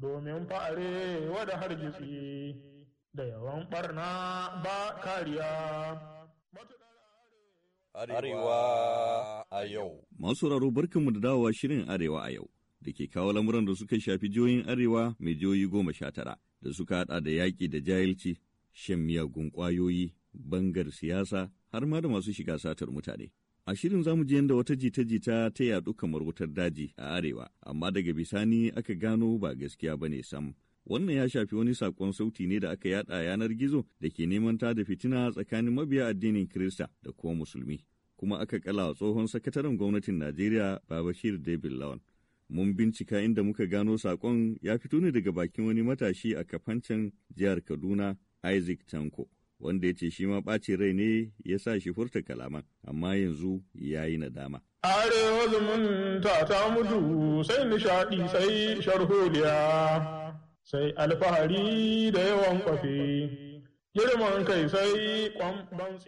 domin fa'are har jitsi da yawan ɓarna ba kariya. Arewa a yau. Masu raro barkanmu da dawowa shirin Arewa a yau, da ke kawo lamuran da suka shafi jihohin Arewa mai jihohi goma sha tara, da suka haɗa da yaƙi da jahilci, shan miyagun ƙwayoyi, bangar siyasa, har ma da masu shiga satar mutane. A shirin zamu je yadda wata jita-jita ta yadu kamar wutar daji a arewa, amma daga bisani aka gano ba gaskiya ba ne sam. Wannan ya shafi wani sakon sauti ne da aka yada yanar gizo da ke neman ta da fitina tsakanin mabiya addinin Kirista da kuma Musulmi. Kuma aka kala tsohon sakataren gwamnatin Najeriya Babashir David Lawan. Mun bincika inda muka gano sakon ya fito ne daga bakin wani matashi a kafancin jihar Kaduna Isaac Tanko. wanda ya ce shi ma ɓacin rai ne ya sa shi furta kalaman, amma yanzu ya yi nadama. Arewa zumunta ta mutu sai nishaɗi sai sharholiya, sai alfahari da yawan kwafe. Girman kai sai kwamban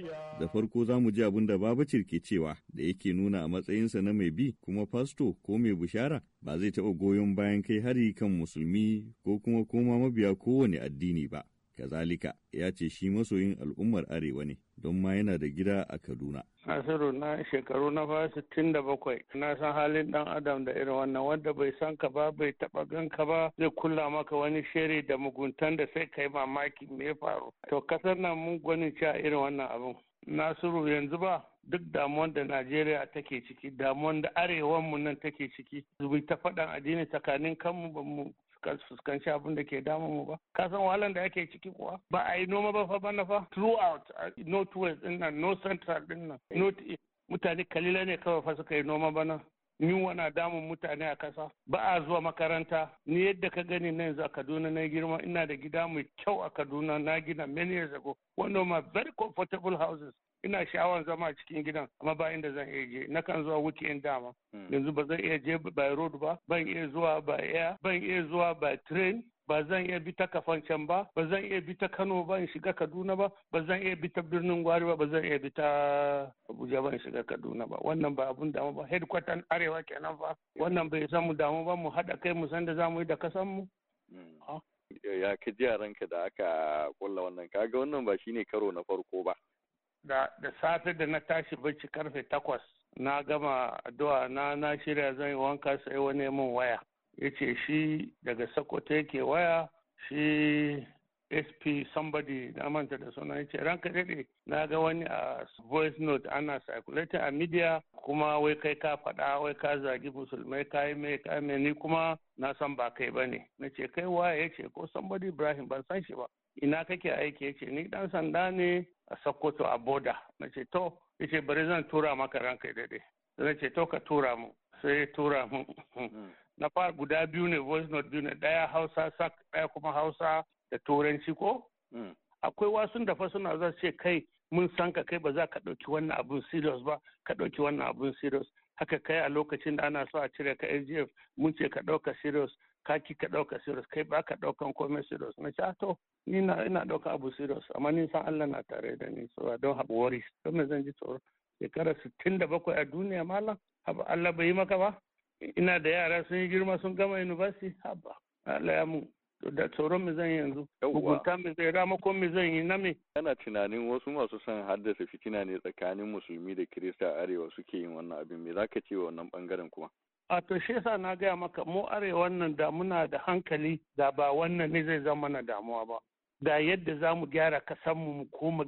Da farko za mu ji abin da Babacir ke cewa da yake nuna a matsayinsa na mai bi kuma fasto ko mai bishara ba zai taɓa goyon bayan kai hari kan musulmi ko kuma koma mabiya kowane addini ba. Kazalika ya ce shi masoyin al'ummar Arewa ne, don ma yana da gida a Kaduna. Nasiru na shekaru na fa sittin da bakwai na san halin dan adam da irin wannan wanda bai san ka ba bai taba gan ka ba zai kulla maka wani shiri da muguntan da sai kai mamaki me ya faru. To kasar nan mun gwanin cewa irin wannan abin. Nasiru yanzu ba duk damuwan da Najeriya take ciki damuwan da arewan mu nan take ciki zubi ta faɗan addini tsakanin kanmu ba mu fuskanci abin da ke damu mu ba ka san wahalan da ake ciki kuwa ba a yi noma ba fa bana fa throughout north west din nan north central din nan north mutane kalila ne kawai fa suka yi noma bana yunwa na damun mutane a kasa ba a zuwa makaranta ni yadda ka gani na yanzu a kaduna na girma ina da gida mai kyau a kaduna na gina many years ago one of my very comfortable houses ina sha'awar zama cikin gidan amma ba inda zan iya je na kan zuwa in dama hmm. yanzu ba zan iya je by road ba ban iya zuwa by air ban iya zuwa by train ba zan iya bi ta can ba ba zan iya bi ta kano ba in shiga kaduna ba ba zan iya bi ta birnin gwari ba ba zan iya bi ta abuja ba in shiga kaduna ba wannan ba abun damu ba headquarter arewa kenan ba, wannan bai san mu damu ba mu haɗa kai mu san da za mu yi da kasan mu hmm. ah. ya ka ji ranka da aka kulla wannan kaga wannan ba shine karo na farko ba da safe da na tashi bacci karfe takwas na gama addu'a na na shirya zan yi wanka sai wani mun waya ya ce shi daga sokoto yake waya shi sp somebody na manta da suna ya ce ranka daɗe na ga wani a voice note ana circulate a media kuma wai kai ka faɗa wai ka zagi musulmai ka yi mai ka mai ni kuma na san ba kai ba na ce kai waya ya ce ko somebody ibrahim ban san shi ba ina kake aiki ya ce ni dan sanda ne a sokoto a boda na ce to yace bari zan tura maka ranka daidai na ce to ka tura mu sai ya tura mu hmm. na fara guda biyu ne voice note biyu ne daya hausa sak daya kuma hausa da turanci ko hmm. akwai wasu da fa suna za ce kai mun san ka kai ba za ka ɗauki wannan abun serious ba ka ɗauki wannan abun serious haka kai a lokacin da ana so a cire ka SGF mun ce ka ɗauka serious ka ki ka ɗauka serious kai ba ka ɗaukan komai serious na ce ah, to ni na ina ɗauka abu serious amma ni san Allah na tare da ni so don haɓu wari worries don me zan ji tsoro shekara sittin da bakwai a duniya malam haba Allah bai yi maka ba ina da yara sun yi girma sun gama university haba Allah ya mu da tsoro me zan yanzu hukunta me zai ko me zan yi na me kana tunanin wasu masu son haddasa fitina ne tsakanin musulmi da kirista a arewa suke yin wannan abin me zaka ce wa wannan bangaren kuma A to shi yasa na gaya maka mu arewan nan da muna da hankali da ba wannan ne zai zama na damuwa ba. Da yadda za mu gyara kasanmu mu koma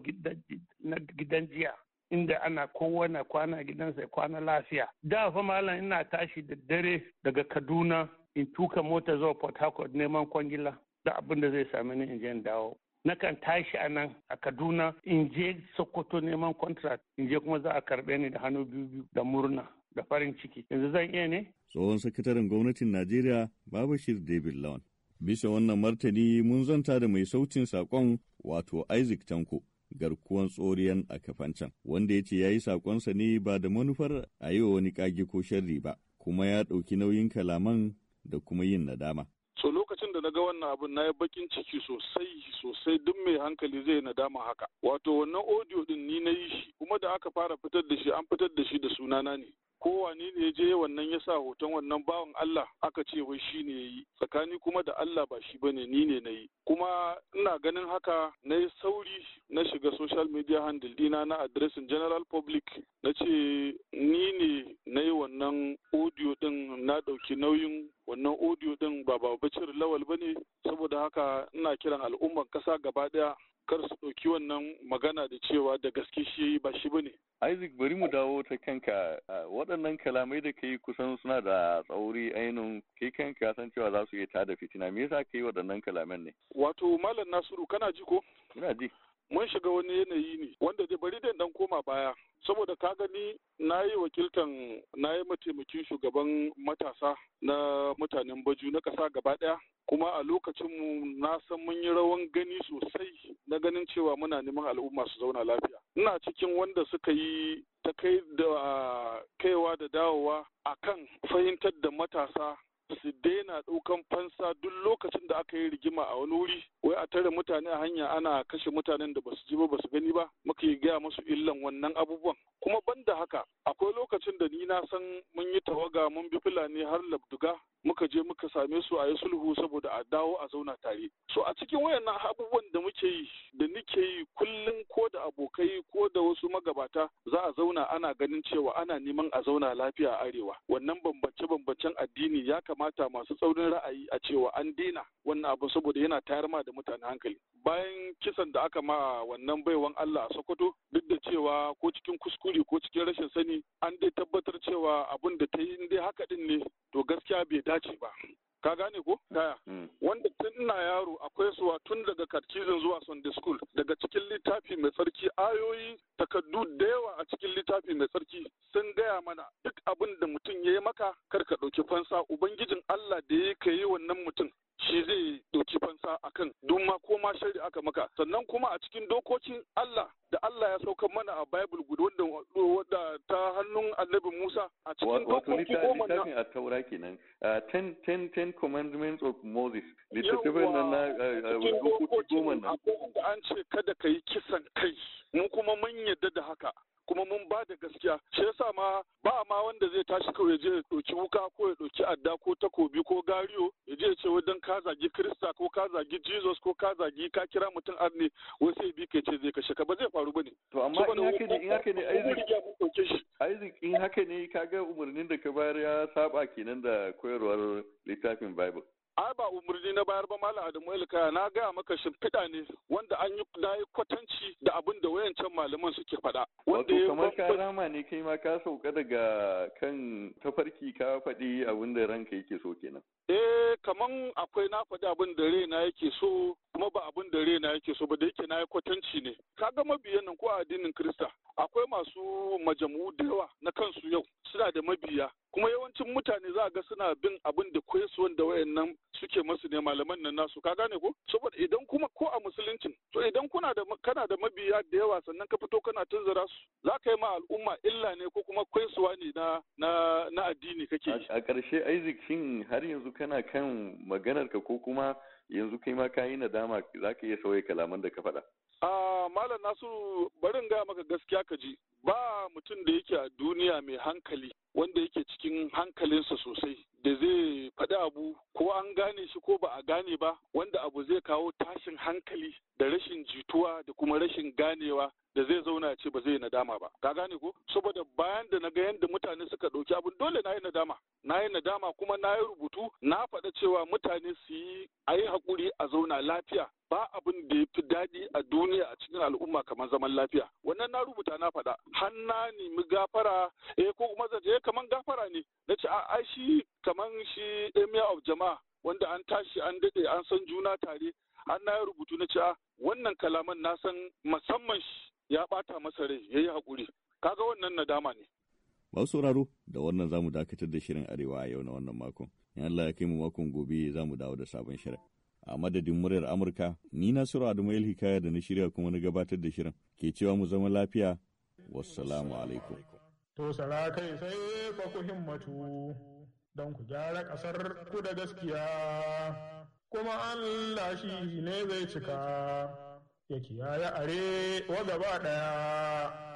gidan jiya. inda ana kowane kwana gidan sai kwana lafiya. Da fa malam ina tashi da dare daga Kaduna in tuka mota zuwa Port Harcourt neman kwangila da abin da zai sami ni in je in dawo. Nakan tashi a nan a Kaduna in je Sokoto neman contract in je kuma za a karbe ni da hannu biyu da murna. da farin ciki yanzu zan iya ne tsohon sakataren gwamnatin najeriya babashir david lawan bisa wannan martani mun zanta da mai saucin saƙon wato isaac tanko garkuwan tsoriyan a kafancan wanda ya ce ya yi saƙonsa ne ba da manufar a yi wa wani ƙage ko sharri ba kuma ya ɗauki nauyin kalaman da kuma yin nadama so lokacin da na ga wannan abin na yi bakin ciki sosai sosai duk mai hankali zai nadama haka wato wannan audio din ni na yi shi kuma da aka fara fitar da shi an fitar da shi da sunana ne ni ne je wannan ya sa hoton wannan bawan Allah aka ce wai shi ne yi tsakani kuma da Allah ba shi bane ni ne na yi kuma ina ganin haka na yi sauri na shiga social media handle dina na adresin general public na ce ni ne na yi wannan audio din na ɗauki nauyin wannan audio din ba babacir lawal ba ne saboda haka ina kiran al'ummar ƙasa gaba ɗaya kar su ɗauki wannan magana da cewa da gaske shi ba shi ba ne. Isaac bari mu dawo ta kanka waɗannan kalamai da ka yi kusan suna da tsauri ainihin kai kanka san cewa za su iya tada fitina me yasa ka yi waɗannan kalaman ne. Wato Malam Nasiru kana ji ko? Ina ji. mun shiga wani yanayi ne wanda zai bari dan koma baya saboda ka gani na yi wakiltan na yi mataimakin shugaban matasa na mutanen baju na ƙasa gaba ɗaya kuma a lokacinmu na san mun yi rawan gani sosai na ganin cewa muna neman al'umma su zauna lafiya ina cikin wanda suka yi ta kai da kaiwa da dawowa akan fahimtar da matasa su daina ɗaukan fansa duk lokacin da aka yi rigima a wani wuri wai a tare mutane a hanya ana kashe mutanen da basu ji ba basu gani ba Muka yi gaya musu illan wannan abubuwan kuma banda haka akwai lokacin da ni na san mun yi tawaga mun bi fulani har labduga muka je muka same su a yi sulhu saboda a dawo a zauna tare so a cikin wayannan abubuwan da muke yi da nike yi kullum ko da abokai ko da wasu magabata za a zauna ana ganin cewa ana neman a zauna lafiya a arewa wannan bambance bambancen addini ya kamata masu tsaunin ra'ayi a cewa an dina wannan abu saboda yana tayar ma da mutane hankali bayan kisan da aka ma wannan baiwan Allah a Sokoto duk da cewa ko cikin kuskure ko cikin rashin sani an dai tabbatar cewa abin da ta yi dai haka din ne to gaskiya bai dace ba ka gane ko daya mm. wanda tun ina yaro akwai suwa tun daga katkizin zuwa sunday school daga cikin littafi mai tsarki ayoyi takaddu da yawa a cikin littafi mai tsarki sun gaya mana duk abin da mutum ya yi maka kar ka ɗauki fansa ubangijin allah da ya ka yi wannan mutum shi zai ɗauki fansa akan duk ma ko ma shari'a aka maka sannan kuma a cikin dokokin allah Allah ya sauka mana a Bible guda wanda ta hannun Annabi Musa a cikin dokoki goma na a taura kenan uh, ten ten ten commandments of Moses littattafan nan na uh, uh, dokoki goma na an ce kada ka yi kisan kai mu kuma mun yadda da haka mun ba da gaskiya shi yasa ma ba ma wanda zai tashi kawai ya je ya ɗauki wuka ko ya ɗauki adda ko takobi ko gariyo ya je ya ce wajen ka zagi krista ko ka zagi jesus ko ka zagi ka kira mutum arne wai sai bi ka ce zai kashe ka ba zai faru ba ne. to amma in haka ne in haka ne aizik in haka ne ga umarnin da ka bayar ya saba kenan da koyarwar littafin bible ai ba umarni na bayar ba malam adamu ilkaya na gaya maka shimfiɗa ne wanda an yi na yi kwatanci da abin da wayancan malaman suke faɗa. wanda ya kamar ka rama ne kai ma ka sauka daga kan tafarki ka faɗi abin da ranka yake so kenan. eh kaman akwai na faɗi abin da raina yake so kuma ba abin da rena yake so ba da yake na yi kwatanci ne kaga mabiyan nan ko a addinin krista akwai masu majamu da yawa na kansu yau suna da mabiya kuma yawancin mutane za a ga suna bin abin da kwesuwan da wayannan suke masu ne malaman nan nasu ka gane ko saboda idan kuma ko a musuluncin to idan kuna da kana da mabiya da yawa sannan ka fito kana tunzura su za ka yi ma al'umma illa ne ko kuma kwesuwa ne na na na addini kake a ƙarshe Isaac shin har yanzu kana kan maganar ka ko kuma yanzu kai ma kayi nadama za ka iya sauya kalaman da ka faɗa. a malam nasu barin gaya maka gaskiya ka ji ba mutum da yake a duniya mai hankali wanda yake cikin hankalinsa sosai da zai faɗi abu ko an gane shi ko ba a gane ba wanda abu zai kawo tashin hankali da rashin jituwa da kuma rashin ganewa da zai zauna ya ce ba zai nadama ba ka gane ko saboda bayan da na ga yadda mutane suka ɗauki abin dole na yi nadama na yi nadama kuma na yi rubutu na faɗa cewa mutane su yi a yi haƙuri a zauna lafiya ba abin da ya fi daɗi a duniya a cikin al'umma kamar zaman lafiya wannan na rubuta na faɗa hannani mu gafara eh ko kuma zaje eh, kamar gafara ne na ce ai shi kamar shi emir of jama'a wanda an tashi an dade an san juna tare an na rubutu na cewa ah, wannan kalaman na san musamman shi ya bata masa rai ya yi hakuri kaga wannan nadama ne masu sauraro da wannan zamu dakatar da shirin arewa a yau na wannan makon in Allah ya kai mu makon gobe zamu dawo da sabon shirin a madadin muryar Amurka ni na Nasiru Adamu Hikaya da na shirya kuma na gabatar da shirin ke cewa mu zama lafiya wassalamu alaikum to sai fa ku himmatu don ku gyara ƙasar ku da gaskiya, kuma Allah shi ne zai cika, ya kiyaye are wa gaba ɗaya.